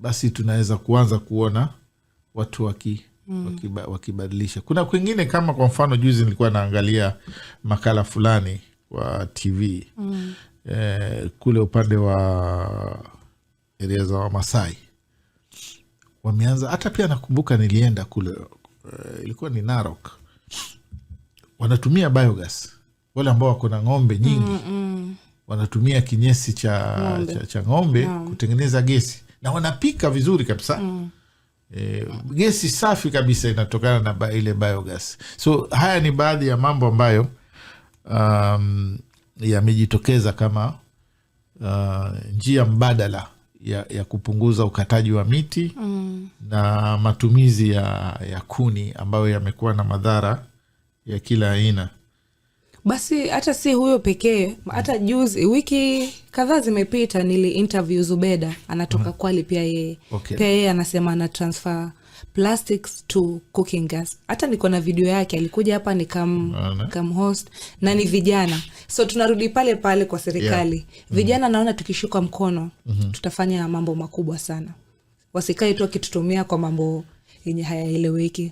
basi tunaweza kuanza kuona watu waki mm. wakibadilisha. Kuna kwingine kama kwa mfano, juzi nilikuwa naangalia makala fulani wa TV mm. e, kule upande wa eria za Wamasai wameanza hata pia nakumbuka nilienda kule uh, ilikuwa ni Narok, wanatumia biogas wale ambao wako na ng'ombe nyingi mm, mm. wanatumia kinyesi cha ng'ombe, cha, cha ng'ombe yeah. kutengeneza gesi na wanapika vizuri kabisa mm. E, gesi safi kabisa inatokana na ile biogas. So haya ni baadhi ya mambo ambayo um, yamejitokeza kama uh, njia mbadala ya, ya kupunguza ukataji wa miti mm. na matumizi ya, ya kuni ambayo yamekuwa na madhara ya kila aina. Basi hata si huyo pekee, hata juzi, wiki kadhaa zimepita, nili interview Zubeda, anatoka mhm. Kwali pia yeye okay. Pia yeye anasema ana transfer plastics to cooking gas. Hata niko na video yake, alikuja hapa nikam host na ni vijana, so tunarudi pale pale kwa serikali yeah. Mm-hmm. Vijana mm. naona tukishuka mkono mm -hmm. tutafanya mambo makubwa sana, wasikae tu wakitutumia kwa mambo yenye hayaeleweki.